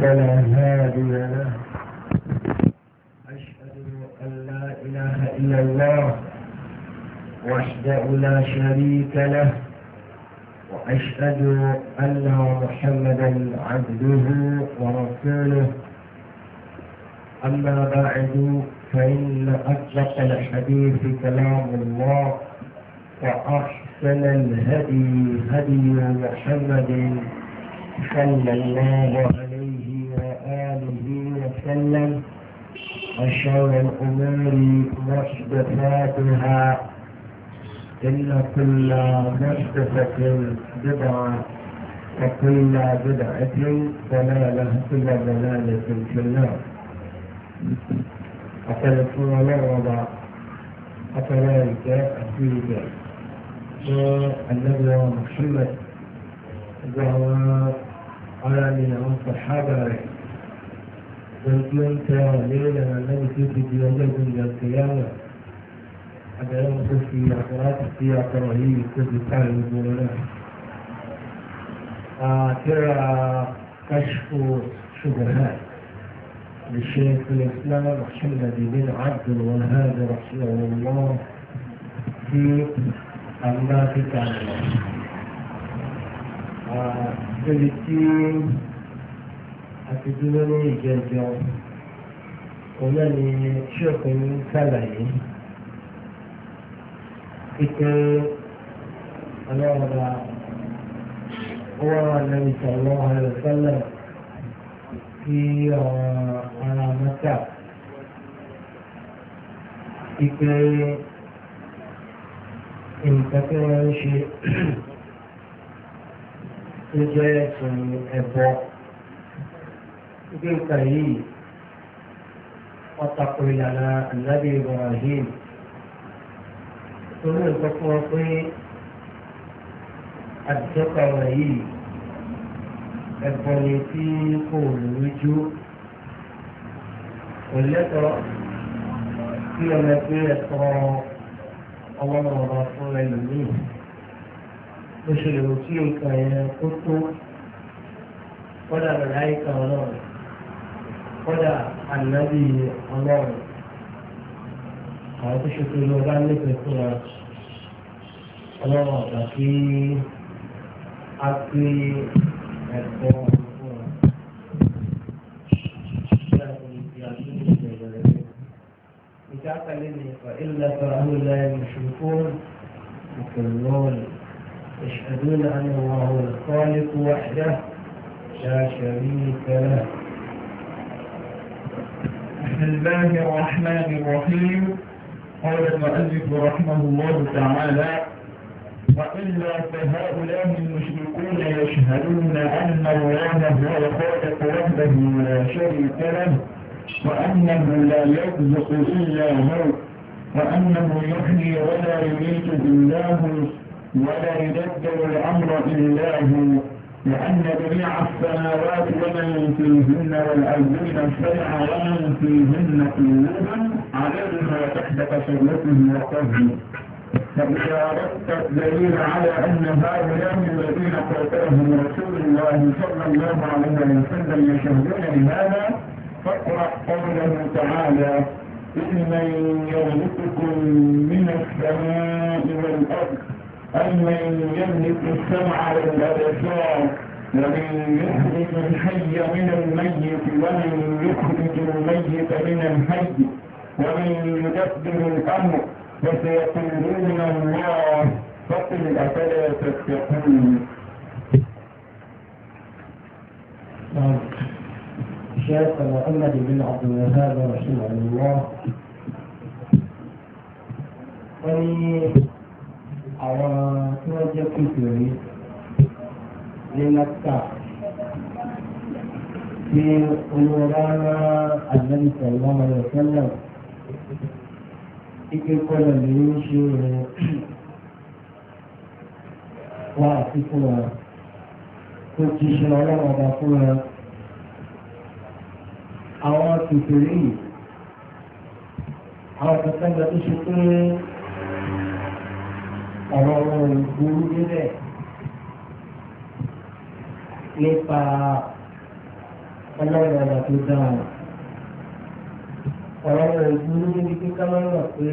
فلا هادي له أشهد أن لا إله إلا الله وحده لا شريك له وأشهد أن محمدا عبده ورسوله أما بعد فإن أطلق الحديث كلام الله وأحسن الهدي هدي محمد صلى الله عليه وسلم وسلم وشر الأمور محدثاتها إن كل محدثة بدعة وكل بدعة ضلالة كل ضلالة في النار أتلفون مرضى أتلاك أسيك النبي محمد وهو على من الصحابة tí ó ń tẹ ọ̀rọ̀ lórí ìlànà lẹ́yìn tí ó ti di ọjọ́ ìgbìmọ̀ ìyàgbéyàwó àbẹ̀rẹ̀ tó fi àkọ́láti sí àtọ̀rọ̀ yìí tó fi káàrí gbogbo náà. àtẹ́rà káṣífò ṣùgbọ́nà lè ṣe ìpínlẹ̀ islam mohammed bin abdul wahab rahimahullah tí àmì bá ti kà lọ. àti dúró ní ìjẹjọ òun náà ni ṣọ́ọ̀kùn ṣàlàyé pípé ọlọ́ọ̀dà ọwọ́ àlẹ́ ìṣọ̀lọ́ àlẹ́ sọ́lẹ̀ kí ara mọ́tà pípé nǹkan tí wọ́n ń ṣe ló jẹ́ ẹ̀sùn ẹ̀bọ gbé nǹkan yìí ọ̀tàkù ìlànà ànábì Ibrahim torí nǹkan fún wọn pé àdìsọ́kà wọn yìí ẹ̀gbọ́n ni tí kò lójú kò lẹ́tọ̀ọ́ kí ọmọ ẹgbẹ́ ẹ̀tọ́ ọlọ́mọọba fún ẹlòmíì bó ṣe lè wò kí nǹkan yẹn kó tó kọ́dà lọ́la kódà ànábì ọlọ́run àwọn tó ṣe pé ló bá nífẹ̀ẹ́ fún wa ọlọ́run ọ̀gá kí á pé ẹ̀kọ́ fún wa. تعقلني وإلا فهم لا يشركون يكلون يشهدون أن الله الخالق وحده لا شريك له بسم الله الرحمن الرحيم قال المؤلف رحمه الله تعالى وإلا فهؤلاء المشركون يشهدون أن الله هو الخالق وحده لا شريك له وأنه لا يرزق إلا هو وأنه يحيي ولا يميت إلا هو ولا يدبر الأمر إلا هو لأن جميع السماوات ومن فيهن والأرضين اجتمع ومن فيهن قلوبا عليها تحت تسلطهم وقبله فإذا أردت الدليل على أن هؤلاء الذين قاتلهم رسول الله صلى الله عليه وسلم يشهدون لهذا فاقرأ قوله تعالى إن من يغلقكم من السماء والأرض أمن يملك السمع والأبصار ومن يخرج الحي من الميت ومن يخرج الميت من الحي ومن يدبر الأمر فسيقولون الله فقل أفلا تتقون شيخ محمد بن عبد الوهاب رحمه الله àwọn tí wọ́n jẹ́ kékeré ní lápá tí olùwọ́lá àgbẹ̀lẹ̀ sọ̀rọ̀ ọmọ rẹ̀ sẹ́lẹ̀ ike kọlọ̀ ní ó ṣe rẹ̀ wá àti fún wa tó ti ṣe ọlọ́wọ́ ọba fún wa àwọn kékeré àwọn kẹsàn tó ṣe pé ọ̀rọ̀ wọn ò burú níbẹ̀ nípa ọlọ́run ọ̀nà tó dáa ọ̀rọ̀ wọn ò burú níbi tí kámẹ́rà pé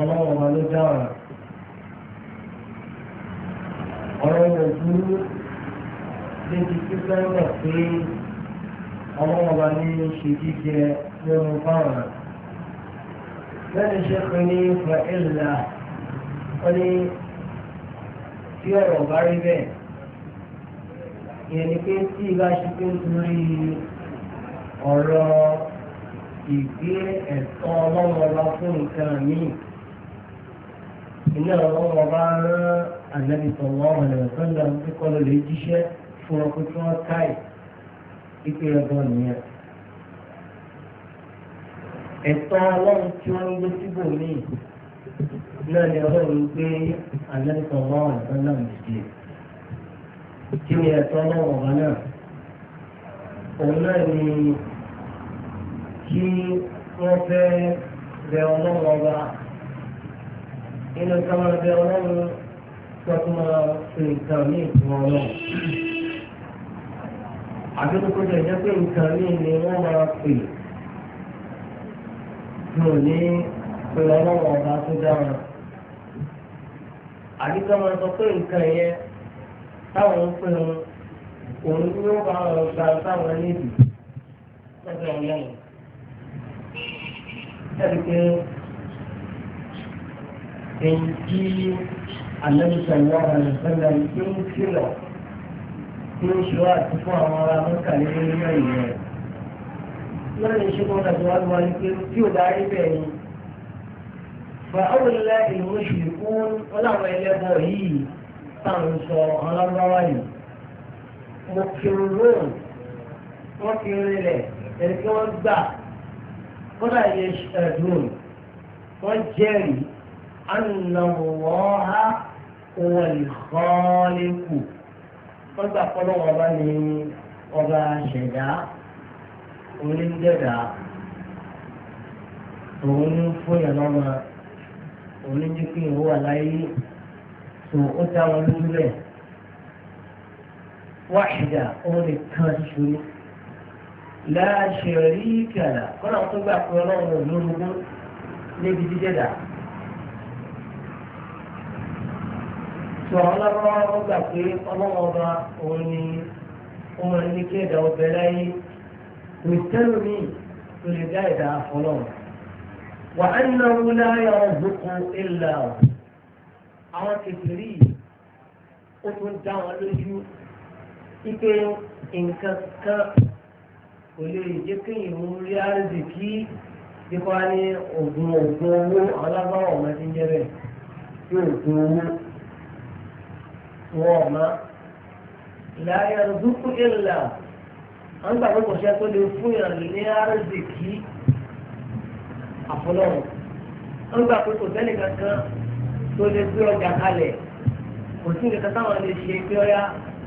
ọlọ́run ọ̀nà ló dáa ọ̀rọ̀ wọn ò burú níbi tí kámẹ́rà pé ọlọ́run ọ̀nà ní ṣe jíjẹ nínú fáwọn. Bẹ́ẹ̀ni ṣe pé ní fa ìlà wọ́n ní tí ọ̀rọ̀ bá rí bẹ́ẹ̀ ìyẹn ni pé tí ibà ṣe pé lórí ọ̀rọ̀ ìgbé ẹ̀tọ́ ọlọ́run ọba fún nǹkan míì ilé ọlọ́run ọba rán ànábì sọ̀rọ̀ ọ̀rọ̀ ẹ̀rọ sọ́ńdà tí kọ́lọ́ lè jíṣẹ́ fún ọkọ̀ tí wọ́n káì ìpè ẹ̀gbọ́n nìyẹn. ẹ̀tọ́ ọlọ́run tí wọ́n ń gbé síbò míì náà ni ọlọ́run pé àlẹ́sọ̀ mọ́ ọ̀sán náà nìyí. kí ni ẹ̀tọ́ náà wọ̀n náà? òun náà ni kí wọ́n fẹ́ bẹ ọlọ́run ọba inú káwọn bẹ ọlọ́run tó tún máa fi nǹkan ní ìtumọ̀ ọlọ́run. àdúgbò jẹ́ jẹ́ pé nǹkan ní ni wọ́n máa pè tí ò ní pé ọlọ́run ọba tó dára àbí kí wọ́n sọ pé nǹkan yẹn táwọn ń pè wọn òun tí wọ́n bá wọn gba táwọn níbi lọ́dọ̀ ọlọ́run. Ẹ̀rí pé èyí tí àlẹ́bíṣẹ́ ìwọ́n wà ní sẹ́lẹ̀ tí ń kìlọ̀ tí ó ṣe àti fún àwọn ará mọ́ta nínú ẹ̀yìn rẹ̀. Lọ́dọ̀ ìṣẹ́gun ọ̀dà tó wá lọ́wọ́ pé tí ò bá bẹ́ẹ̀ ni. فأولى المشركون ولو إليه هي تنصر على الله مكرون مكرون إليه الكون بعد ولا يشهدون والجري أن الله هو الخالق فانت قلوا أبني وباشدا ولن جدا ولن فيا òun ló jẹ́ kí ìwọ wà láyé tó ó dá wọn lójú rẹ̀ wáṣídà òun nìkan ṣoṣo ni láṣẹ̀rí kàlà kọ́nà tó gbà pé ọlọ́run ò níbi jíjẹ́dà. tó àwọn lábáwá wọn gbà pé ọlọ́run ọba òun ni òun ní kí ẹ̀dá ọbẹ̀ láyé kò tẹ́lómi tó lè dá ẹ̀dá afọlọ́run. وأنه لا يرزق إلا هو àwọn kẹfìrí ó tún dá wọn lójú ipe nǹkan kan kò lè jẹ́ kéèyàn mú rí àrùbí kí nípa ní oògùn oògùn owó alábáwọ̀ ọmọ ti ń jẹ́ bẹ́ẹ̀ tí oògùn owó wọn ọ̀ma láyé rúkú ìlà àwọn gbàgbọ́ kò ṣe tó lè fún ìrànlẹ́ àrùbí kí àfọlọ́run wọ́n gbà pé kò sẹ́ni kankan tó lè gbé ọjà kalẹ̀ kò sí nǹkan táwọn lè ṣe pé ọyá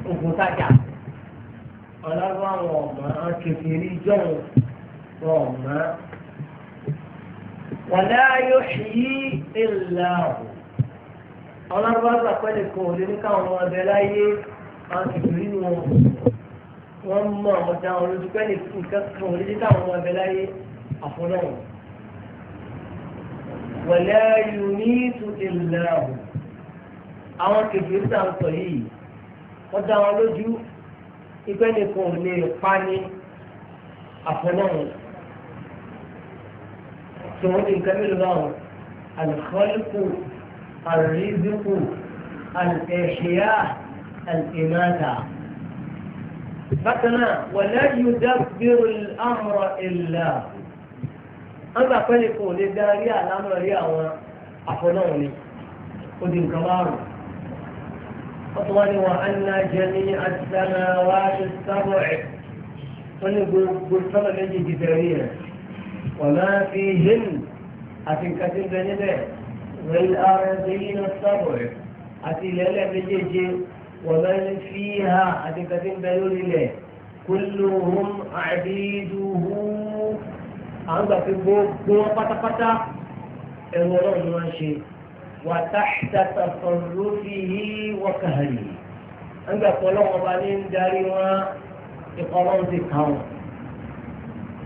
ògùn tajà ọlọ́run àwọn ọ̀mọ́ kékeré jọ̀hún wọn ọ̀mọ́ wàlẹ́ ṣìyí ìlà ọlọ́run bá gbà pẹ́lẹ́ kan ò lè ní káwọn ọmọ ọbẹ̀ láyé àwọn wọn wọ́n mọ̀ ọ̀dà ọ̀rọ̀ dúpẹ́ nìkan kan ò lè ní káwọn ọmọ ọbẹ̀ láyé àfọlọ́run wala yunitu illa hu àwọn kẹfìrí tá à ń sọ yìí wọ́n dá wọn lójú ìpẹ́ nìkan ò lè pa ní àfẹnáwọn tí wọ́n ti nǹkan mélòó báwọn al-khalqu al-rizqu al bákan náà wala yudabbiru al-amra illa hu. ọgbà pẹ́lú kan ò lè darí àlámọ̀ rí àwọn àfọlọ́run ni ó di nǹkan márùn-ún wọ́n tún wá ní wọn anna jẹ́ni àtìsáná wá ṣe sábọ̀ ẹ̀ wọ́n ní gbogbo sábà méjì ti bẹ̀rẹ̀ rẹ̀ wọ́n máa fi hìn àti nǹkan tí ń bẹ níbẹ̀ wọ́n ara ṣe yín náà sábọ̀ ẹ̀ àti ilẹ̀ ẹlẹ́ méjèèjì wọ́n máa ń fi hà àti nǹkan tí ń bẹ lórí ilẹ̀ kúlùhùn àdídùhùn. àwọn gbà pé gbogbo wọn pátápátá ẹ̀rù ọlọ́run ni wọ́n ń ṣe wà táṣítàtà sọ̀rọ̀ fi yí wọ́kàlì wọ́n gbà pé ọlọ́run ọba ní ń darí wọn ikọ̀ ọlọ́run ti kà wọ́n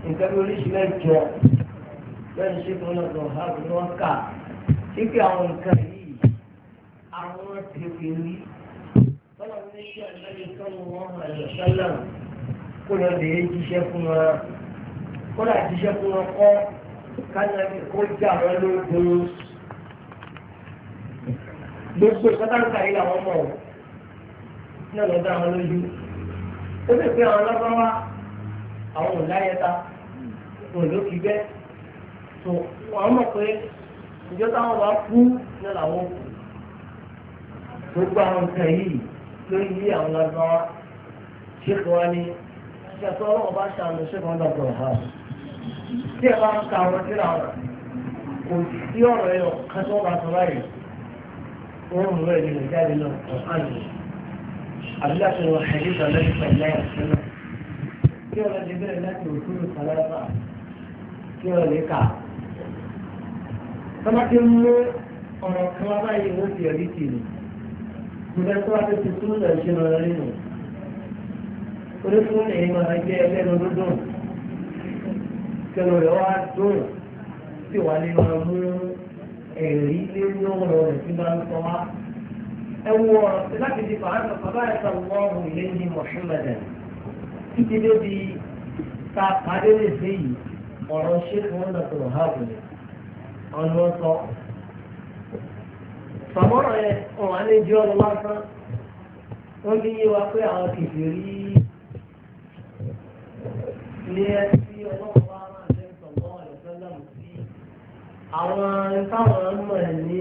nǹkan bí oríṣi mẹ́jọ lẹ́nu ṣe fún ọlọ́dọ̀ ọ̀háàbù ni wọ́n kà kíkẹ́ àwọn nǹkan yìí àwọn tètè rí bọ́lá ní kí àgbẹ̀lẹ̀ sọ́nù wọn àyọ̀ kó lọ́ọ́ lè jíṣẹ́ fún wọn kọ́lá ìṣiṣẹ́ tó wọn kọ́ kánẹ́bí kó jà wọn lóògùn gbogbo ìpátánká yìí làwọn mọ̀ ní ọ̀lọ́dá wọn lójú ó lè pe àwọn lọ́gbọ́nwá àwọn òláyẹta òlókìgbẹ́ tó wọn mọ̀ pé ìjọ táwọn wá kú ní làwọn kù gbogbo àwọn nǹkan yìí lórí ilé àwọn lọ́gbọ́nwá ṣé kí wọ́n ní ṣe àtọ́ ọlọ́wọ́ bá ṣàánú ṣé dàgbọ̀ ọ̀hán tí ẹ bá ń ka ọ̀rọ̀ síra ọ̀rọ̀ kò sí ọ̀rọ̀ ẹ̀ ọ̀kan tó bá sọ báyìí wọ́n mú ẹ̀ nínú jáde náà ọ̀kan nù. àbílẹ̀ tó wọ àìdíjà lẹ́yìn pẹ̀lú ẹ̀ sílẹ̀. kí ọ̀rọ̀ lè bẹ̀rẹ̀ láti òkúrò sàlẹ́fà kí ọ̀rọ̀ lè kà. tọ́lá ti mú ọ̀rọ̀ kan wá báyìí wọ́n ti ẹ̀rí tì ní. ìgbẹ́ tó wá ti ti túnú lọ nínú. orí fún ẹ̀yìn máa jẹ́ ẹgbẹ́ lọ́dún tẹnu rẹ̀ wá dùn tí wàá lè máa mú ẹ̀rí lé lọ́rọ̀ rẹ̀ tí máa ń sọ wá. ẹ wọ láti di fàánù bàbá ẹ̀ sọ wọ́n ọ̀hún ilé ní mọ̀ṣúmẹ̀dẹ̀ títí débi ta pàdé lè dé yìí ọ̀rọ̀ ṣé kí wọ́n lọ́tọ̀ ọ̀há òbí ọ̀nà sọ. Fàmọ́rọ̀ yẹn ọ̀hún alẹ́ jẹ́ ọ̀rọ̀ lásán. Wọ́n bí yé wa pé àwọn kìfìrí ní ẹ sí àwọn táwọn mọ̀ ní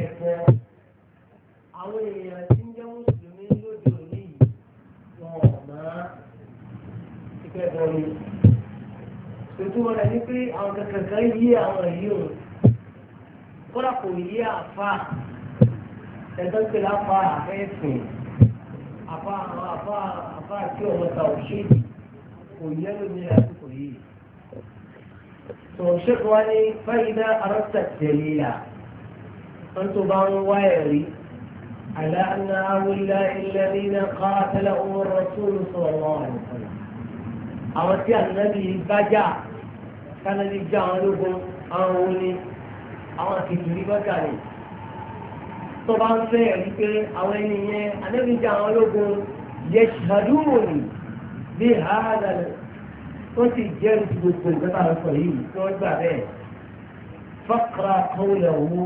ẹ̀kọ́ àwọn èèyàn tí ń jẹ́ mùsùlùmí lóde òní wọn ò mọ̀ ìkẹ́kọ̀ọ́ ni. ìtumọ̀ rẹ̀ ni pé àwọn kankan yí àwọn èyí o kódà kò yí àfa ẹ̀dọ́n pé láfa àfẹ́sìn àfa àfa àfa àti ọ̀mọ̀ta òṣèlú kò yẹ lómi àti kò yí. الشيخ واني فإذا أردت الدليل أنت تبان ويري على أن هؤلاء الذين قاتلهم الرسول صلى الله عليه وسلم أردت النبي بجا كان جعلهم أولي أردت akẹ́kẹ̀ẹ́ bọ́jà ni tó bá ń fẹ́ ẹ̀rí pé àwọn ènìyàn anẹ́bíjà tó sì jẹ́ ní gbogbo ìgbẹ́ta lọ́sọ̀ yìí tí wọ́n gbà bẹ́ẹ̀ fọ́kàrà kọ́wọ́lẹ̀ owó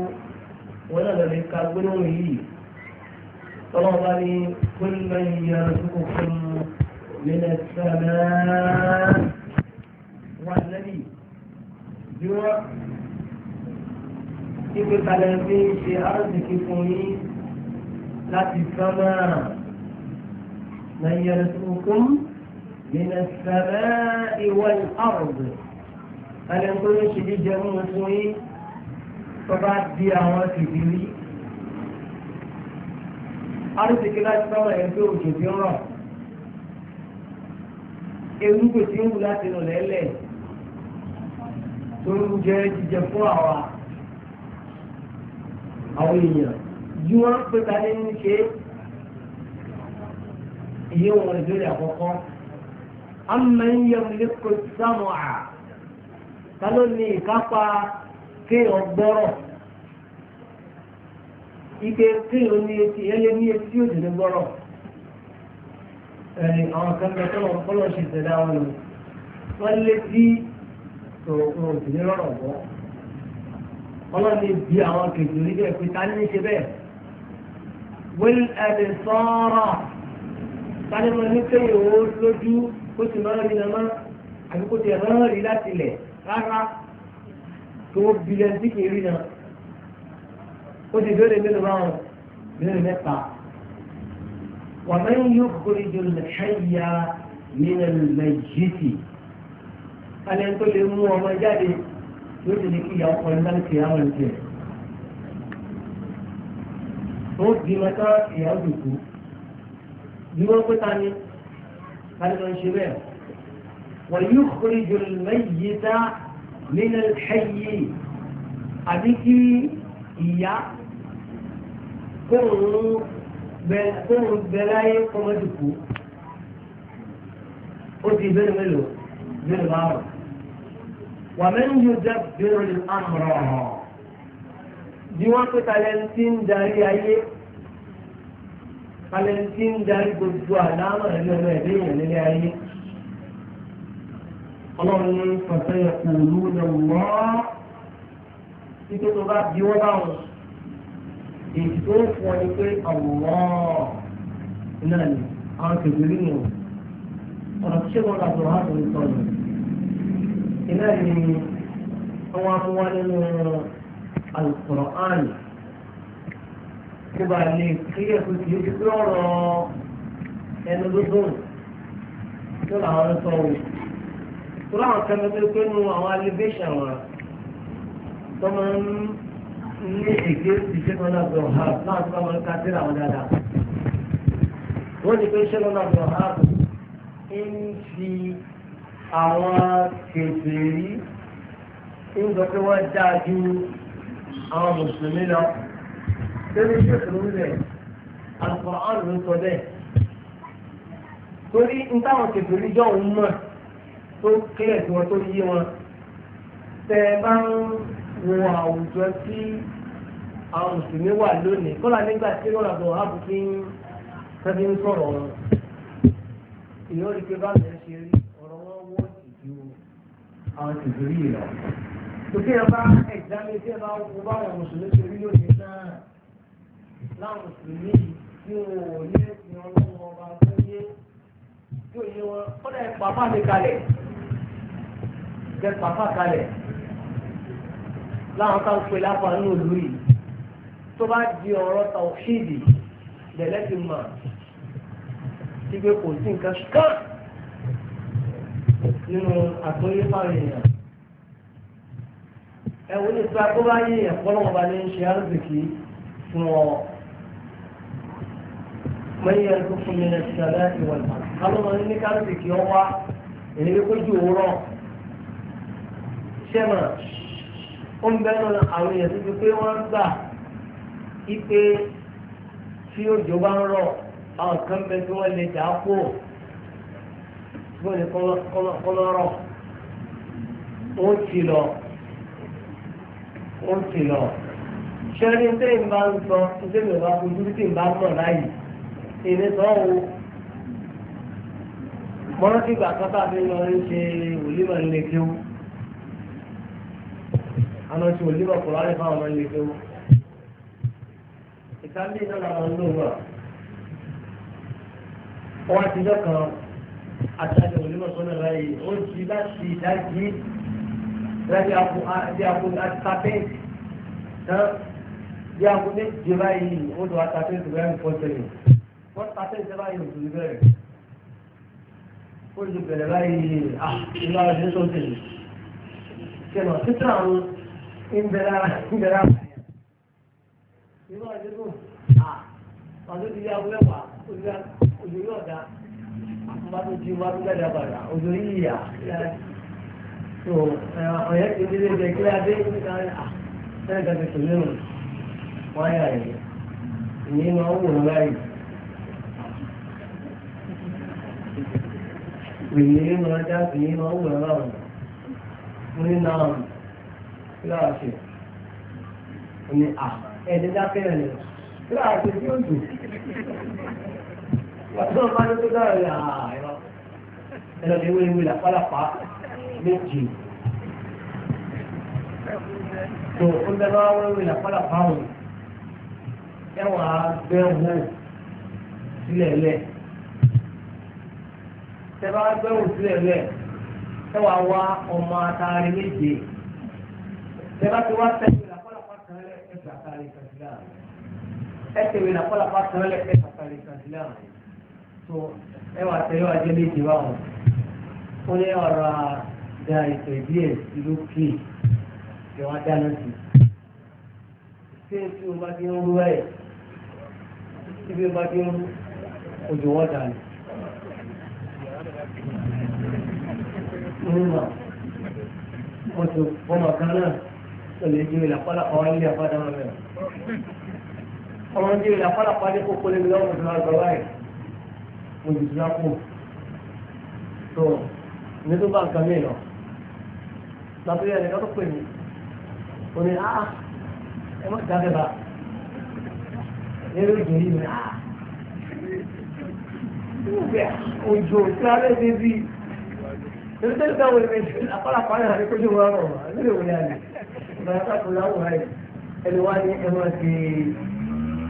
wọn náà lọ́lẹ̀ ká gbólóhùn yìí tọ́lọ́ bá ní kólúmọ̀ yìí arásùkò fún mílẹ̀ sẹ́nà wọn lẹ́bí bí wọ́n ibi kalẹ̀ fi ń ṣe arásìkì fún yín láti sánmà lẹ́yìn arásùkò fún mílẹ̀ من السماء والأرض أنا أقول شدي جميع سوي فبعد دي أوان كبيري أرض كلا سما يبدو جبيرا ewu kò sí ewu láti nù lẹ́lẹ̀ tó ń jẹ jíjẹ fún àwa àwọn èèyàn yí wọ́n pé ta ní ní ṣe iye wọn ìbéèrè àkọ́kọ́ amẹ́n yẹmúlẹ́kọ̀ sámúà ta ló ní ìkápá kéèyàn gbọ́rọ̀ ike kéèyàn ní etí ẹyẹ ní etí yóò dìde gbọ́rọ̀ ẹni àwọn kan bẹ tọ́lọ̀ kọ́lọ̀ ṣe tẹ̀lé àwọn lò wọ́n lé sí òun òsìlè rọ̀rọ̀ bọ́ ọlọ́ni bí àwọn kejì orí bẹ́ẹ̀ pé ta ní ṣe bẹ́ẹ̀ wíl ẹ̀dẹ̀ sọ́ọ́rọ̀ ta mo ní kéèyàn lójú kó sì máa rí nàmá àbí kó sì hàn rí láti lẹ̀ rárá tó bí lẹ́nu tí kì í rí nà ó ti bẹ̀rẹ̀ mélòó máa hàn bẹ̀rẹ̀ mẹ́ta wàmẹ́yìn yóò kórè jù lẹ́yà nínú lẹ́yìtì alẹ́ tó lè mú ọmọ jáde yóò ti ní kí ìyá ọkọ̀ ńlá ń tẹ̀ àwọn ìtẹ̀ ó bí mẹ́ta ìyá òdòkú bí wọ́n pẹ́ ta ni. خلينا نشبه ويخرج الميت من الحي أبكي إيا كل كل بلاي قمدكو أتي برملو بالغار ومن يدبر الأمر ديوان قتالين داري أيه alẹ́ tí ń darí gbogbo àdámọ̀ ẹ̀mí ọmọ ẹ̀dẹ́ yẹn nílé ayé ọlọ́run ní pàṣẹ ẹ̀kọ́ òlú ní ọ̀wọ́ títí tó bá bí wọ́n bá wọn èyí tó ń fún ọ ni pé ọ̀wọ́ náà ni àwọn kèbèrè nù ọ̀nà tí ṣẹ́gun ọ̀gá tó wà lórí sọ̀rọ̀ iná ni wọ́n wá nínú alukọ̀rọ̀ áàlì kí bá lè kílẹ̀ kó kì í ti pé ọ̀rọ̀ ẹnu ló dùn kí làwọn sọ wò tó láwọn kẹ́mi tó pé nu àwọn alibéṣàn wọn tó máa ń ní èké ìṣẹ́gun náà gbọ̀n ha láti bá wọn ká sí làwọn dáadáa wọ́n ti pé ìṣẹ́gun náà gbọ̀n ha ń fi àwọn kèfèrí ń sọ pé wọ́n dáa ju àwọn mùsùlùmí lọ tẹ́lẹ̀ ṣèkì ló ń bẹ̀ al sọ bẹ́ẹ̀ torí n kẹfìrí jọ òun mọ̀ tó kílẹ̀ tí wọ́n tó yé wọn tẹ́ ẹ bá ń wo àwùjọ tí àwọn mùsùlùmí wà lónìí kọ́lá nígbà tí wọ́n àbọ̀ àbùkí ń tẹ́bí sọ̀rọ̀ wọn ìyọ́ rí pé báwọn ṣe rí ọ̀rọ̀ wọn wọ́ ìdí àwọn kẹfìrí lọ. tòkè ẹ bá ẹ̀gbá mi tí ẹ bá wọ báwọn mùsùlùmí ṣe rí lónìí náà láwọn mùsùlùmí tí wọn ò ní ẹ̀sìn ọlọ́run ọba tó yé tí ò wọn ó dẹ̀ pàpà mi kalẹ̀ jẹ́ pàpà kalẹ̀ láwọn kan pè lápá ní yìí tó bá di ọ̀rọ̀ tàwọ́ṣídì lẹ́lẹ́ ti mọ̀ sí pé kò sí nǹkan kan nínú àtúnyé fáwọn èèyàn ẹ̀wọ̀n ní ìtura tó bá yé ẹ̀kọ́ lọ́wọ́ ní ṣe àrùbìkì fún ọ mẹ́yẹ tó fún mi lẹ ṣe alẹ́ ìwà ìgbà kálọ́ wọn ní káńtì kí ọ wá èyí ló kójú òwúrọ̀ ṣẹ́mà ó ń bẹ́ẹ̀ náà àwọn èèyàn tó ti pé wọ́n gbà ipe tí òjò bá ń rọ̀ àwọn kan bẹ tí wọ́n lè dà á kó bó ni kọ́lọ́rọ̀ ó ti lọ ó ti lọ ṣẹ́rí tẹ́ ń bá ń sọ ṣe mi bá fojú tí ń bá mọ̀ láyè èmi sọ wo mọ́rán tí ìgbà kan tàbí lọ ń ṣe òlímọ̀ nílé kéwú àwọn ṣe òlímọ̀ kò láyé fáwọn ọmọ nílé kéwú ìtàlẹ́ náà làwọn ń lò wà wọ́n ti jọ kan àtàlẹ́ òlímọ̀ sọ́nà láyè ó ti láti ìdájí láti àpò àti àpò àti pàtẹ́ǹtì tán bí aago méje báyìí ó lọ ata twenty bẹ́ẹ̀ fọ́ sẹ́yìn wọ́n ta twenty báyìí oṣù ní bẹ́ẹ̀ ó lè bẹ̀rẹ̀ báyìí ah ìlú àwọn ìṣẹ́ tó ń tẹ̀lé kẹlọ títà àwọn ìbẹ̀rẹ̀ ìbẹ̀rẹ̀ àbáyà ìlú àwọn tó ah ọdún ti yá wẹ́wà òjò yóò dá bá tó di wá tó jáde àbàrà òjò yìí yà ọ̀yẹ́ ti délé jẹ́ kílá dé nígbà ẹ̀ ẹ̀ ẹ̀ wáyà yìí ìyẹn máa ń wò láyìí. ìwé máa jáde ìyẹn máa ní náà kíláàsì ní à ẹni dákẹ́ ẹ̀ kíláàsì tí ó dùn. Wàtí wọn bá ní tó dára yà á ẹ̀rọ ẹ̀rọ ìwé ìwé làpálàpá méjì tó ń bẹ bá wọn ìwé làpálàpá wọn ẹwà bẹ́ẹ̀wò sílẹ̀lẹ̀ tẹ́bá bẹ́ẹ̀wò sílẹ̀lẹ̀ ẹwà wá ọmọ atari méje tẹ́bá ti wá tẹ̀wé làkọ́làpá kan lẹ̀ ẹ̀sà àtàrí kàdílà ẹ̀tẹ̀wé làkọ́làpá kan lẹ̀ ẹ̀sà àtàrí kàdílà tó ẹwà tẹ̀lé wà jẹ́ méje báwọn ó lé ọ̀rọ̀ da ìtọ̀ díẹ̀ lókè ìwọ̀n dáná sí. ṣé tí o bá ti ń rú ẹ̀ tí bí bá dín òjò wọ́n dànù. Nígbà wọ́n ti bọ́mà kan náà lọ́lẹ̀ ju ìlàpálàpá wá nílé àpáda wọn mẹ́rin. Ọmọ ju ìlàpálàpá dé kókó lébi lọ́wọ́ ìṣúná àgbà báyìí. Mo jù síra kù. Tó ní tó bá nǹkan mìíràn. Làbúrò ẹ̀rẹ̀ ká tó pè mí. Ó ní, "Ah, ẹ má dá bẹ́ẹ̀ bá." lérò ìjẹ́rí mi náà òjò tí a lè dé bí torí tẹ́lẹ̀ táwọn èèyàn ṣe àpárapá náà ní kójú wọn rọ̀ nílé òun yára ìgbàlá káàkiri láwùn ráì ẹni wá ní ẹ máa fi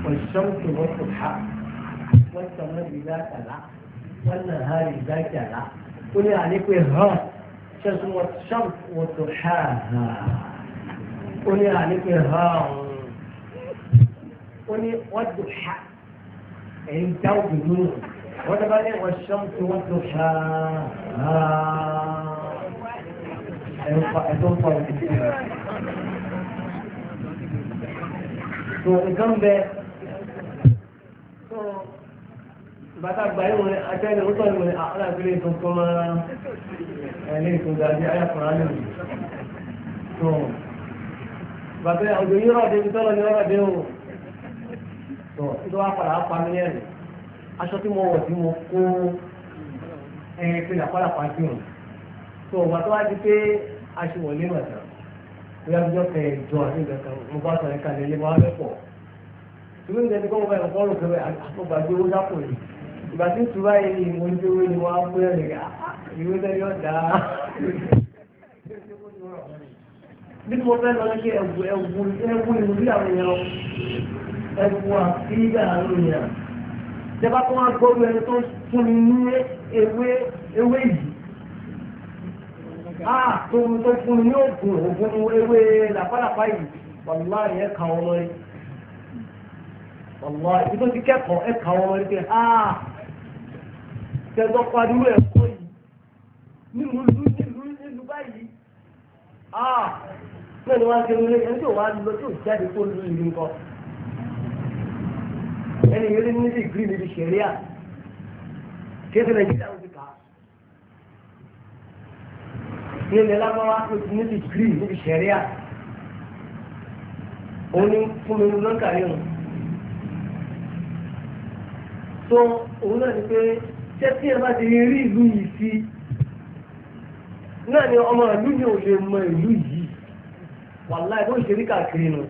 ọ̀ṣọ́n tó wọ́n kò ká wọ́n ti sọ̀rọ̀ ìgbà kàlá wọ́n nà ha ìgbà kàlá ó ní àlékún ẹ̀hán ṣẹ́sùn wọ́n ṣọ́n wọ́n tó ṣáà ó ní àlékún ẹ̀hán ọ̀hún. ó ní wọ́n dùn ṣá ẹ̀yìn dá òbí mú wọ́n dábàá ní wọ́n ṣọ́ tí wọ́n dùn ṣá ẹ̀tọ́ ń fa òbí sí rẹ̀. tó nǹkan bẹ tó bàtà gbà yìí wọn àtẹ́lẹ̀ ó tọ́lẹ̀ wọn àwọn àgbélé tó kọ́ máa ẹ̀ lè tó dàbí ayàkùnrin àná tó bàtà òjò yìí rọ̀ débi tọ́lọ̀ ní ọ̀rọ̀ dé o tó tó wá padà pa mí lẹ́rìn aṣọ tí mo wọ̀ tí mo kó ẹyin pé làpàlà pa sí òun tó ọgbà tó wá di pé aṣọ wọlé mọ̀ tán bóyá bí wọ́n fẹ́ jọ àti ìgbà kan mo bá sọ ẹ̀ka lè lé wọn á fẹ́ pọ̀ tùmí ìgbà tí kò wọ́n bá ẹ̀kọ́ rò pé àgbàgbé owó dápò yìí ìgbà tí ìtura yìí ni mo ń dé owó ni wọ́n á pé ẹ̀rẹ̀ ah, ah, ìwé tẹ́lẹ̀ yóò dáa bí mo fẹ́ lọ sí ẹ̀wù ẹ̀wù ẹ̀wù ìwúrí àwọn èèyàn ẹ̀kú àfíìdà àrùnyà jẹba tó wọn gbọ́rú ẹni tó fún mi ní ewé ewé yìí a tó tó fún mi ní ògùn ògùn ewé làpálàpá yìí wàlúwà yẹn kà wọn lórí wàlúwà ibi tó ti kẹ́kọ̀ọ́ ẹ̀ kà wọn lórí pé a tẹ̀sán padì rú ẹ̀kọ́ yìí nínú ìlú nílùú nílùú báyìí a mẹ́rin wá ń ṣe ní ẹni tí wá lọ tí ò jáde kó lu ìlú nǹkan ẹni yẹn ní dìgírì níbi ṣẹ̀ríà kí ẹsẹ̀ nàìjíríà ó ti kà á. ní ilẹ̀ lágbáwá ó ti ní dìgírì níbi ṣẹ̀ríà òun ní fún mi lọ́ńkà yẹn o. tó òun náà ni pé ṣé tí ẹ bá ti rí ìlú yìí sí náà ni ọmọ ìlú yìí ò lè mọ ìlú yìí wàláì bó ṣe rí káàkiri nù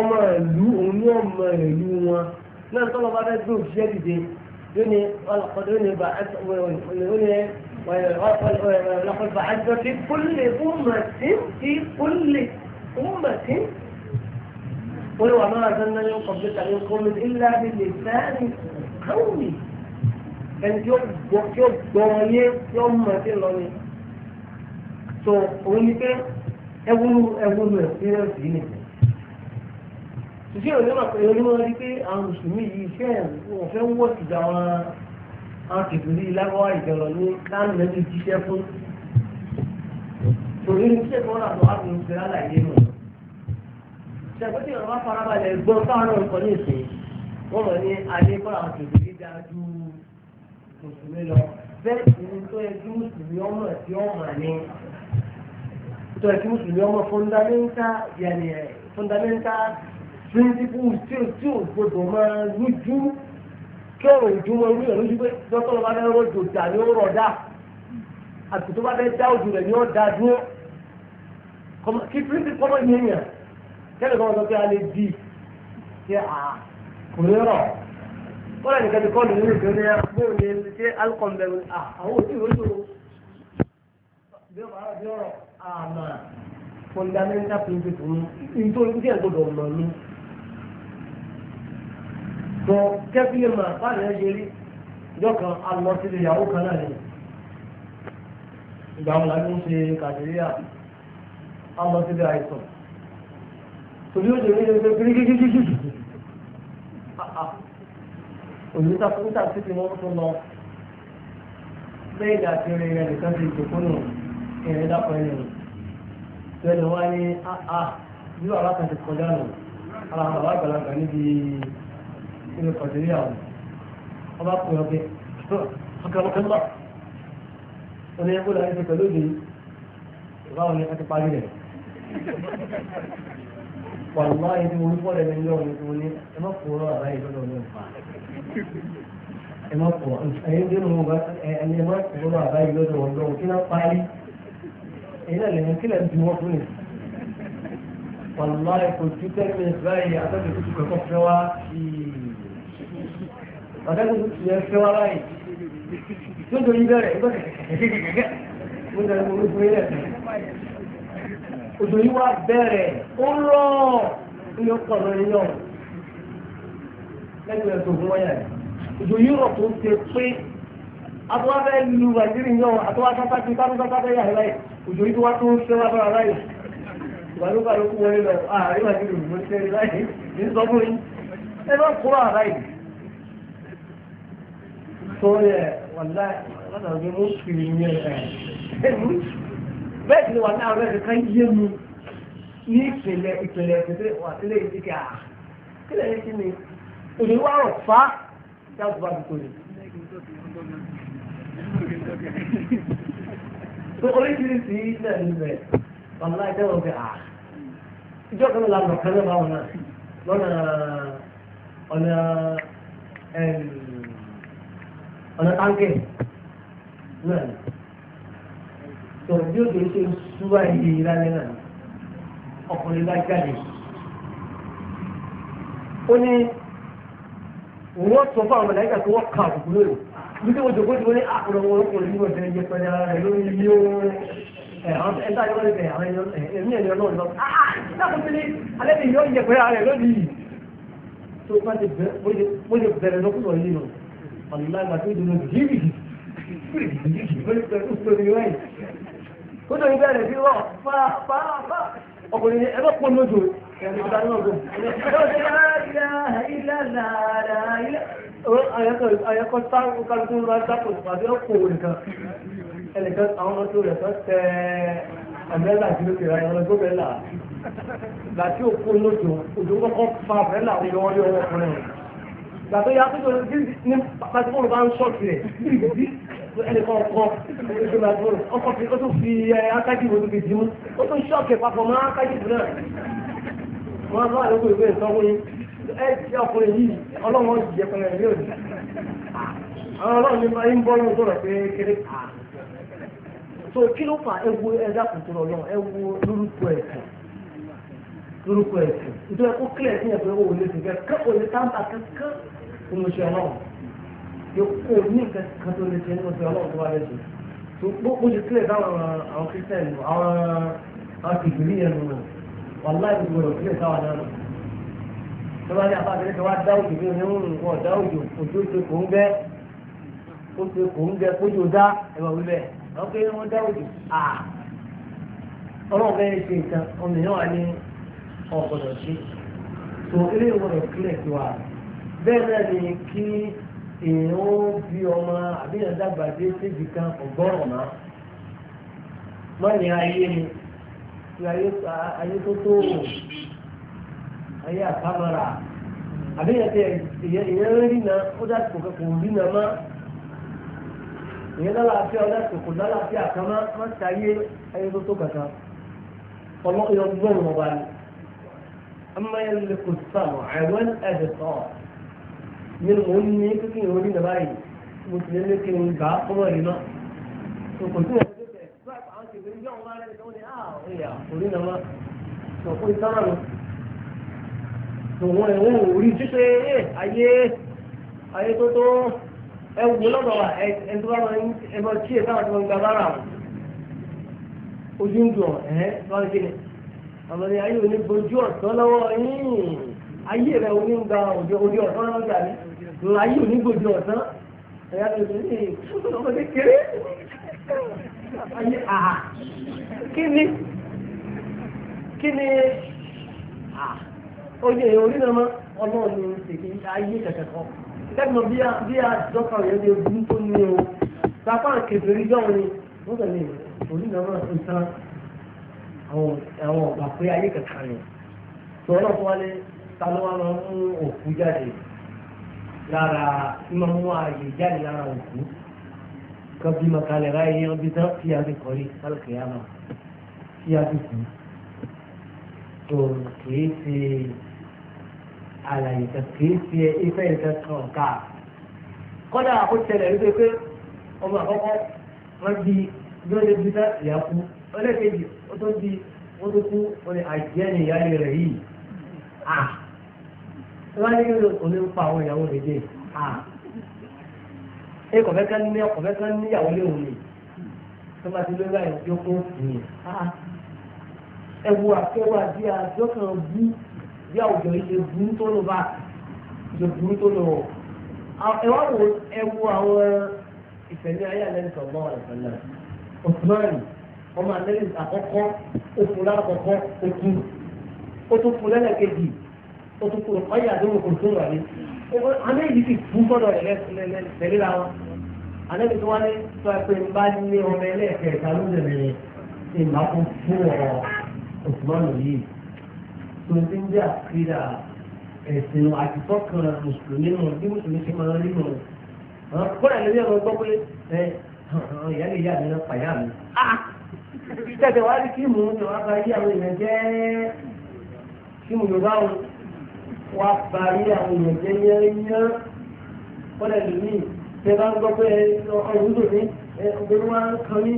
ọmọ ìlú òun ní ọmọ ìlú wọn náà tó lọ bá fẹ́ gbé òṣìṣẹ́ dìde lónìí ọlọ́kọ̀dé lónìí bá lọ́kọ̀dé bá àjọ fi kúlè fúnmàtí fi kúlè fúnmàtí. قل وما أرسلنا من قبلك من قوم إلا بلسان قومي ẹni tí ó gbọ́ tí ó gbọ́ ọyé tí ó mọ̀ sí lọ ni. so òun ni pé ẹwúrú ẹwúrú ẹ̀ fírẹ́ǹsì yìí nìyẹn ìṣe onímọ̀ pé onímọ̀ rí pé àwọn mùsùlùmí yìí iṣẹ́ wọn fẹ́ ń wọ̀ síjà wọn àwọn kìtìrí lágbáwá ìjọba ní láàrín lẹ́nu jíṣẹ́ fún torí ní iṣẹ́ kan náà tó wà ní ìgbéra mọ̀ ṣàgbé tí ìrọ̀lá farabalẹ̀ gbọ́n káwọn náà kọ́ ní ìsìn wọ́n mọ̀ ní alẹ́ kọ́ àwọn kìtìrí dáa ju mùsùlùmí lọ bẹ́ẹ̀ sì ni tó yẹ kí mùsùlùmí ọmọ fọ́ndámẹ́ntà píríncípù tí o tí o gbọdọ̀ máa lójú kẹrùn ìdúmọ̀ orí ẹ̀rọ yìí pé dọ́tọ̀ ló bá fẹ́ rọ jò dà ní ọ̀rọ̀ dà àti tó bá fẹ́ dá ojú rẹ̀ ní ọ̀dà dúró kí píríncípù kọ́mọ yẹn yàn kẹ́lẹ̀ kan sọ pé a lè di kí a kò ní rọ̀ ó lẹ́nu kẹ́lẹ̀ kọ́ nínú ìgbẹ́ ní bóun ní ṣe alukọ̀n bẹ̀rù àwọn òsì ìrọ́jò bí ọ̀rọ̀ bí ọ̀rọ̀ àmà fundamental principle nítorí kí ẹ̀ gbọdọ̀ mọ̀ ní tó kẹ́fí lè máa bá rẹ̀ yẹrí ìjọ kan a lọ sí ilé ìyàwó kan náà ni ìgbà wọn làbí ń ṣe kàdíríà a lọ sí ilé àìsàn torí ó lè rí ẹgbẹ́ gírígírígírí òyìnbó níta sí ti wọ́n tún lọ lẹ́yìn àti rìn rẹ̀ nìkan ti jòkó nù ìrìn dàpọ̀ ẹni nù tẹ́lẹ̀ wá ní àá bí wàhálà kan ti kọjá nù ara àwọn àgbàlagbà níbi nínú kọ̀dìrí àwọn ọba kò yọ pé ọkàlọ́kàlọ́ ó ní ẹgbẹ́ láti pẹ̀lú òde ìbáwọn ní ẹ̀ka parí rẹ̀ wàlúwà yìí tí mo rí fọ́lẹ̀ ní lọ́wọ́ ní tí mo ní ẹ má kó rọ̀ àbáyé lọ́dọ̀ ní ọ̀pá ẹ má kó ẹ̀yìn dínú mo bá ẹni ẹ má kó rọ̀ àbáyé lọ́dọ̀ ọ̀dọ̀ kí náà parí ẹ̀yìn náà lẹ́yìn kílẹ̀ ju wọ́n fún mi wàlúwà yìí kò tún tẹ́lẹ̀ mi báyìí àtọ́jú tó ti kọ̀kọ́ fẹ́ wá sí i. ọ̀dọ́ tó ti yẹ fẹ́ wá báyìí tó dorí bẹ̀rẹ̀ ó bẹ̀rẹ̀ kẹ̀kẹ́kẹ́kẹ́kẹ́ ó dẹ̀ mú orúkọ yẹn òjò yìí wá bẹ̀rẹ̀ ó rọ̀ ní ọkọ̀ lórí yọ̀ lẹ́gbẹ̀ẹ́ ẹ̀sùn fún wọ́n yà òjò yìí rọ̀ tó ṣe pé atọ́wáfẹ́ lu nàìjíríà yọ̀ atọ́wáfẹ́ pàtó pátápátá yà láì òjò yìí tó wá tó ń fẹ́ ẹ kúrò àrá yìí tó wàlá lọ́dọ̀ mú fi ní ẹ̀ bẹ́ẹ̀ ti wà láàárọ̀ ẹ̀ ká yé mu ní ìpìlẹ̀ ìpìlẹ̀ ìpìlẹ̀ wà sílẹ̀ ìdíkà kílẹ̀ yìí sí ni òní wà rọ̀ fà dáàbò bá mi kò ní. tó oríṣiríṣi ilẹ̀ níbẹ̀ wàlá ìjọba ọ̀gbẹ́ ìjọba kan kan náà báwọn náà lọ́nà ọ̀nà ọ̀nà táǹkì náà ni tó bí òde ṣe ń súwá ilé yìí lálẹ́ náà ọkùnrin bá jáde ó ní wọ́n sọ fún àwọn ọ̀làyíkà tó wọ́n kà àbùkù lóyè nítorí wọ́n jòkó jòkó ní àkùrọ̀ wọn ọkùnrin ní ọ̀sẹ̀ ẹ̀yẹ pẹ̀lú ara rẹ̀ lórí ilé oorun àwọn ẹ̀ńtà yọ̀ọ́ ẹ̀mí ẹ̀yọ́ náà lọ. àà náà kò sí ní alẹ́ mi yọ̀ọ́ ẹ̀yẹ pẹ̀lú ara rẹ̀ lónìí tó bá ti bẹ̀rẹ̀ bó ṣe bẹ̀rẹ̀ lọ́kùnrin ọ̀yìn nù ọ̀lá ìgbà tó dùn jíìrì kótó ìgbà rẹ̀ sí wọ́ fáfáfá ọkùnrin ẹ bá pọ́n lójú ẹ̀rọ ìgbà náà gùn. ayẹkọ táwọn kálukú ń bá dákò tàbí ọkọ nìkan ẹnìkan àwọn ọmọ tó rẹ̀ tó tẹ ẹ̀mẹ́là sí lókè rẹ̀ ọmọ tó bẹ́ẹ̀ là á ìgbà tí ó kó lójó òjò kọ́kọ́ fa ní ọwọ́ ọkùnrin rẹ̀ ìgbà tó yá tó ní pàtíkọ́lù bá ń ṣọ́ọ̀tì rẹ̀ bí ẹnì kan kọ́ oṣù pàtíkọ́lù ọkọ̀ fi ó fi akájì wo tó fi dìímú ó tún ṣọ́ọ̀kì papọ̀ mọ́ akájì tó náà wọ́n bá àlọ́kọ̀ ìwé ìsọ́wọ́ yín ẹ ti ọkùnrin yìí ọlọ́wọ́n jẹ pẹ̀lẹ́ ní òní àwọn ọlọ́run nípa ń bọ́ lóun sọ̀rọ̀ pé kéré so kí ló fà ẹ wo ẹ dákùn tó lọ lọ ẹ wo lórúkọ ẹ̀sìn lórúkọ ẹ̀sìn nítorí ó kílẹ̀ sí ẹ̀fẹ́ owó olè sí kẹ́kẹ́ olè táǹtà kẹ́kẹ́ ìmọ̀ṣẹ́ ọlọ́run yóò kó o ní nǹkan kan tó lè ṣe ní ọ̀sẹ̀ ọlọ́run tó wà lẹ́sìn tó gbogbo ṣe kílẹ̀ táwọn àwọn kírísítẹ́nì àwọn àtìgbìrì yẹn nù wà láì gbogbo rẹ̀ kílẹ̀ táwọn náà tó bá ní àbájáde tó wá dá òjò bí omi ń wọ̀ dá òjò òjò ṣe kò ń gẹ́ ó ṣe kò ń gẹ́ kójò dá ẹ̀wà wíwẹ̀ àwọn kéwọn dá òjò ọlọ́run fẹ́ ṣe nǹkan ọmọ ìyá wa ní ọ̀gbọ̀dọ̀ ṣe tó eré ìwọ̀dọ̀ kílẹ̀ sí wa bẹ́ẹ̀ náà ni kí èèyàn ó bí ọmọ àbíyàn dàgbà dé síbi kan ọ̀gbọ́rọ̀ náà má ní ayé ni ti ayé tó tó o ayé àkámọ́ra àbíyàn tẹ ìyẹn rí náà ó dà kò rí náà má ìyẹn lálàáfíà ó dà kò kò lálàáfíà kan má má ti ayé ayé tó tó kankan ọlọ́yọ̀ gbọ́n ọba ni. أما يملك السمع والأبصار من أمي كتير يقولين باي مسلم كتير قاطع ورنا وكتير بعد عاش برجع وما لك تقولي آه إيه يقولين ما تقول ترى tòun ẹ̀wọ̀n orí títẹ́ ayé ayé tó tó ẹwùn lọ́dọ̀ wa ẹ̀ẹ́dọ́gbọ́n ẹ̀bọ̀ tí ẹ̀ sáwọn tí wọ́n gba bára ojú ń dùn ẹ̀ lọ́dọ̀ kí ni àmọ́ ní ayé òní bojú ọ̀sán lọ́wọ́ yín ayé rẹ̀ òní ń gba òjò ojú ọ̀sán lọ́wọ́ gbà mí ayé òní bojú ọ̀sán ẹ̀yà tó ti ní ọmọdé kéré ayé àhà kí ni kí ni oye orí náà mọ́ ọlọ́run ní ìsèké ayé kẹ̀kẹ́ kan lẹ́gbọ̀n bí a dọ́kà yẹn ní ojú tó ní o sáfà kẹfẹ́ rí jọ́wọ́ ni wọ́n tẹ̀lé orí náà mọ́ ìtàn àwọn ọ̀gbà pé ayé kankan ni tó ọ̀nà tó wá ní ta ló wá máa mú òkú jáde lára máa mú ààyè jáde lára òkú kan bí makalẹ̀ ráyé ọdún tán kí a fi kọ́rí kálukì yá máa kí a fi kú tó kìí ṣe àlàyé kan kìí ṣe ifẹ̀ ìkan kan ká kọ́dà ó tẹ̀lẹ̀ wípé pé ọmọ àkọ́kọ́ wọ́n di bí tán ìyá kú ọlẹ́kẹ̀jì ó tó di ó tó kú ó ní àjẹ́ ni ìyáálé rẹ̀ yìí à wọ́n ní òní ń pa àwọn ìyàwó rẹ̀ dé à ẹ kọ̀fẹ́ ká ní ọ̀fẹ́ ká ní ìyàwó lé ni tó bá ti lórí báyìí tí kó fún yìí ẹ wo àfẹ́wọ́ àbí àjọ kan bú bí àwùjọ yìí ṣe bú tó lọ bá ṣe bú tó lọ ẹ wá wo ẹ wo àwọn ìfẹ̀lẹ́ ayé àlẹ́ nìkan bọ́ ọ̀rẹ́ pẹ̀lú ọ̀tún ọmọ àtẹ́lẹ̀ àkọ́kọ́ oṣù lákọ̀ọ́kọ́ oṣù ó tún fún lẹ́lẹ́kejì ó tún fún ọyà àdéhùn kò tó rọ̀lẹ́ àmì èyí sì fún gbọ́dọ̀ rẹ̀ lẹ́lẹ́lẹ́lẹ́lá wọn àlẹ́bí tí wọ́n lé sọ pé ń bá ní ọmọ ẹlẹ́ẹ̀kẹta ló lè rìn ṣe máa kún fún ọ̀rọ̀ òṣùmọ́nù yìí tó ti ń jẹ́ àkídà ẹ̀sìn àtìkọ́kàn mùsùlùmí nù bí mùsùlùmí ṣe máa rí nù kọ́ra ẹ̀lẹ́bí ọmọ gbọ́ pé ẹ̀ ìyá lè yá mi náà pàyà mi. Ah! tẹ̀tẹ̀ wá rí fíìmù ní wọ́n bá àwọn èèyàn jẹ́ fíìmù yorùbá wọn wá bá àwọn èèyàn jẹ́ yẹ́nyẹ́ kọ́lẹ̀ lómi tẹ bá ń gbọ́ pé ọ̀rùn tó ní obìnrin wa ń kan ní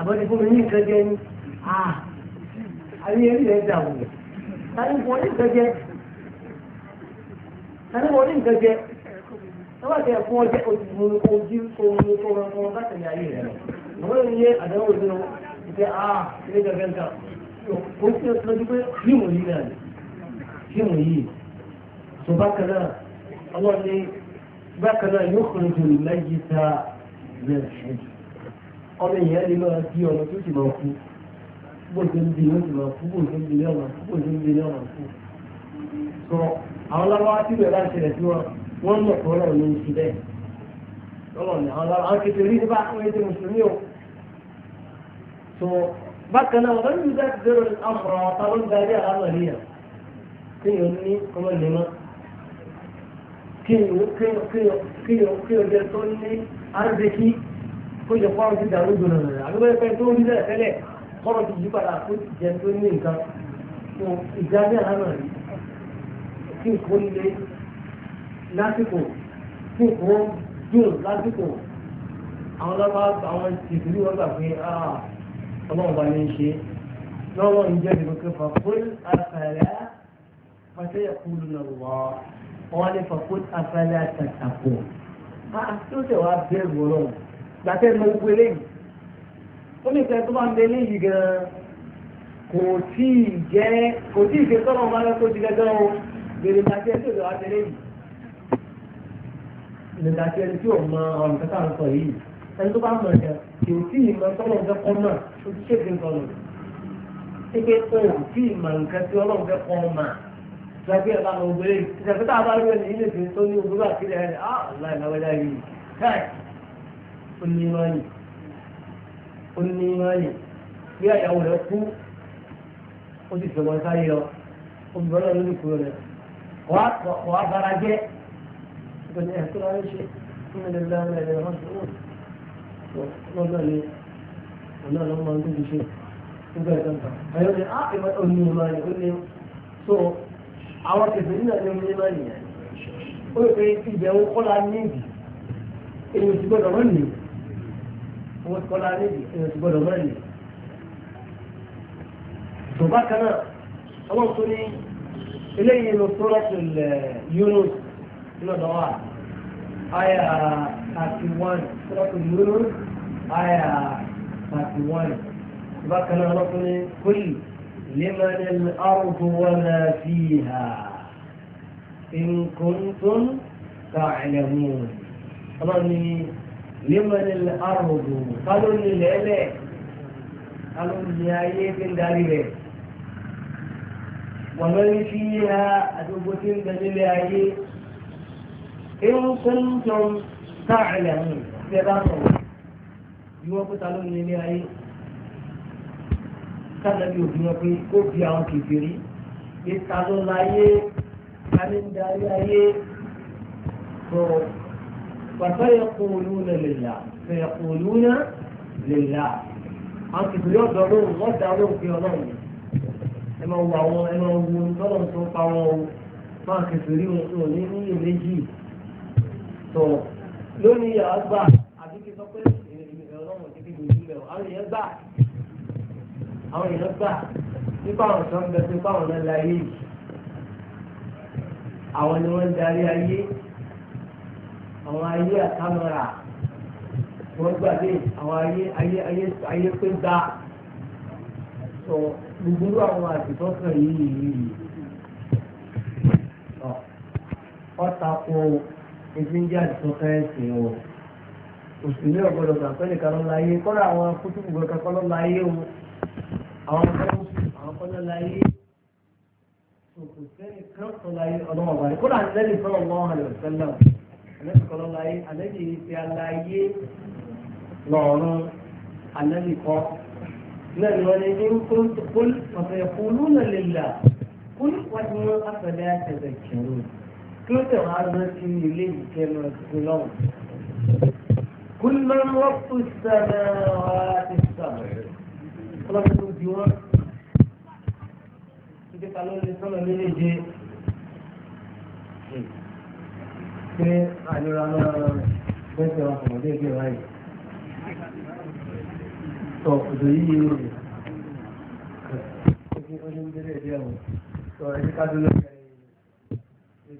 àbọ̀dé fún mi ní nǹkan jẹ ni àyè rí rẹ̀ dà wù tani wọ́n ní nǹkan jẹ tani wọ́n ní nǹkan jẹ wọ́n bá tẹ̀ fún ọjọ́ ojú omi tó rọrùn bá tẹ̀lé ayé rẹ̀ lọ àwọn ènìyàn àdánwò ìdúró ìpé àà ilé gẹ̀gẹ̀ǹkà ó ti ẹ̀ tọ́jú pé fíìmù yìí náà fíìmù yìí tó bákan náà àwọn ní bákan náà yóò kọ́ lójú lẹ́yìn tá lẹ́sìn ọmọ èèyàn lè máa di ọmọ tó ti máa kú bó ṣe ń di ló ti máa kú bó ṣe ń di ní ọmọ bó ṣe ń di ní ọmọ kú sọ àwọn lábáwá tí bẹ̀rẹ̀ láti rẹ̀ sí wọn wọ́n mọ̀ lọ́wọ́ ní àwọn àwọn kékeré ní bá àwọn ètò mùsùlùmí o. tó bákan náà wọ́n yóò dá zero àmọ̀ràn ọ̀tá ló ń darí àlámọ̀ níyà kí ni o ní ọmọ nìmọ̀ kí ni o kí ni o kí ni o ni o kí ni o jẹ tó ní arúgbẹ́kí kó jẹ fún àwọn ti dàrú dùn nàlẹ́ àdúgbò ẹgbẹ́ tó ń bẹ̀rẹ̀ tẹ́lẹ̀ kọ́rọ̀ ti yí padà kó jẹ tó ní nǹkan fún ìdarí àlámọ̀ rí kí nǹkan lé lásìkò kí nǹkan june lásìkò àwọn lọ́wọ́ àwọn ìṣèlú wọn gbà pé ah, ọlọ́run bá ní í ṣe lọ́wọ́ ń jẹ́ ìlú pé fàkóyè àfàlẹ́ fàṣẹyà kúlù náà wọ́ wọn ní fàkóyè àfàlẹ́ àtàkù tí ó tẹ̀ wá bẹ́ẹ̀rù ọlọ́run gbàtẹ́ mọ gbogbo eléyìí ó ní ìfẹ́ tó bá ń bẹ léyìí gan-an kò tí ì jẹ́ kò tí ì ṣe tọ́lọ́ wọn bá lọ́kọ́ ti gẹ́gẹ́ o bèrè bàtẹ́ tó lọ́wọ́ tẹ́lẹ̀ yìí nígbà tí ẹni tí ò mọ ọ̀nà kẹta ń sọ yìí ẹni tó bá mọ̀ ẹ̀ kì í tí ì mọ tọ́lọ̀ ń fẹ́ kọ́ náà ó ti ṣèṣe ń sọnù pípé kò tí ì mọ nǹkan tí ọlọ́run fẹ́ kọ́ mà gbàgbé ẹ̀ bá obìnrin ìṣẹ̀fẹ́ tá a bá rí ẹni ilé ìfẹ́ tó ní ogúnlọ́ àkílẹ̀ ẹ̀ ah láì láwẹ́dá yìí káì ó ní ìmọ̀ọ́nì bí àyàwó rẹ̀ kú ó sì fẹ́ wọn sáyé lọ obìnrin ọlọ́run ló ní kúrò rẹ̀ wàá bára jẹ́ بل يحصل على شيء إن لله وإلى إليه راجعون والله لي والله لو ما عندي شيء وقال أنت هيقول لي آه ما يقول لي ما يقول لي سو عوض كثيرين أن يقول يعني ó pe ìbẹ̀wò kọ́lá níbi èyàn ti gbọ́dọ̀ mọ́ nìyí owó kọ́lá níbi èyàn ti gbọ́dọ̀ mọ́ nìyí. tó bá kan náà ọlọ́run tó lọ́dọ̀ wa àyà thirty one sọ́dọ̀kù yúrò àyà thirty one bákan náà lọ́kùnrin kúlì lẹ́mọ̀nì àrùbù wọn fi hà nkuntun kàcẹ̀mú ọlọ́ni lẹ́mọ̀nì àrùbù kálọ́ni lẹ́lẹ̀ kálọ́ni ayé ti ń darí rẹ̀. ومن فيها أتوبة دليل أيه إن كنتم تعلمون تبعتم يوقف على النبي kánàbí òfin wọn pé ó fi àwọn kìfìrí ìta ló láyé kání ń darí ayé tó pàtó yẹ kó olúna lè là fẹ yẹ kó olúna lè là àwọn kìfìrí ọ̀dọ́ ló ń wọ́n dá lóòfin ọlọ́run ẹ máa wo àwọn ẹ máa wo tọ́lọ̀ tó pa wọn o máa kìfìrí wọn ò ní ní ìlẹ́jì tó lónìí yàrá gbà àbí kí sọ pé ọlọ́run ti fi gbòjú lẹ̀ àwọn èèyàn gbà àwọn èèyàn gbà nípa àwọn kan bẹ pé báwọn náà la ayé yìí àwọn ni wọ́n ń darí ayé àwọn ayé àtàmọ́ra wọ́n gbàgbé àwọn ayé ayé ayé ayé pé gbà sọ gbogbo àwọn àtìtọ́ kan yìí yìí yìí ọ̀tàkùn ìdíjà ìtọ́ka ẹ̀sìn wọ̀ òsìlè ọ̀gbọ́dọ̀ gbàgbé nìkan ló láyé kọ́ra àwọn kútùkù kankan kọ́ ló láyé o àwọn kọ́ ló láyé òkú sẹ́ni kan tó láyé ọlọ́wọ́ báyìí kọ́ra àtẹ́lẹ̀ sọ́lọ́ lọ́wọ́ àlẹ́ òṣèlú àlẹ́bí kọ́ ló láyé àlẹ́bí ni wọ́n ní ní kúl ọ̀sẹ̀ kúlú náà lè là kúl wájú wọn afẹ́lẹ́ àtẹ̀lẹ̀ kẹrù kí ó tẹ̀wá rán sí ilé ìjẹun ẹ̀sìn lọ́wọ́. كلما وقت السماوات السبع خلاص الديوان كده قالوا لي سنة من يجي ṣe àlúra lọ́rọ̀ bẹ́sẹ̀ ọkùnrin déédé ráyè tọ òdò yìí rẹ̀ ọdún bẹ̀rẹ̀ díẹ̀ wọ̀ tọ ẹ̀díkádúlọ́gbẹ̀rẹ̀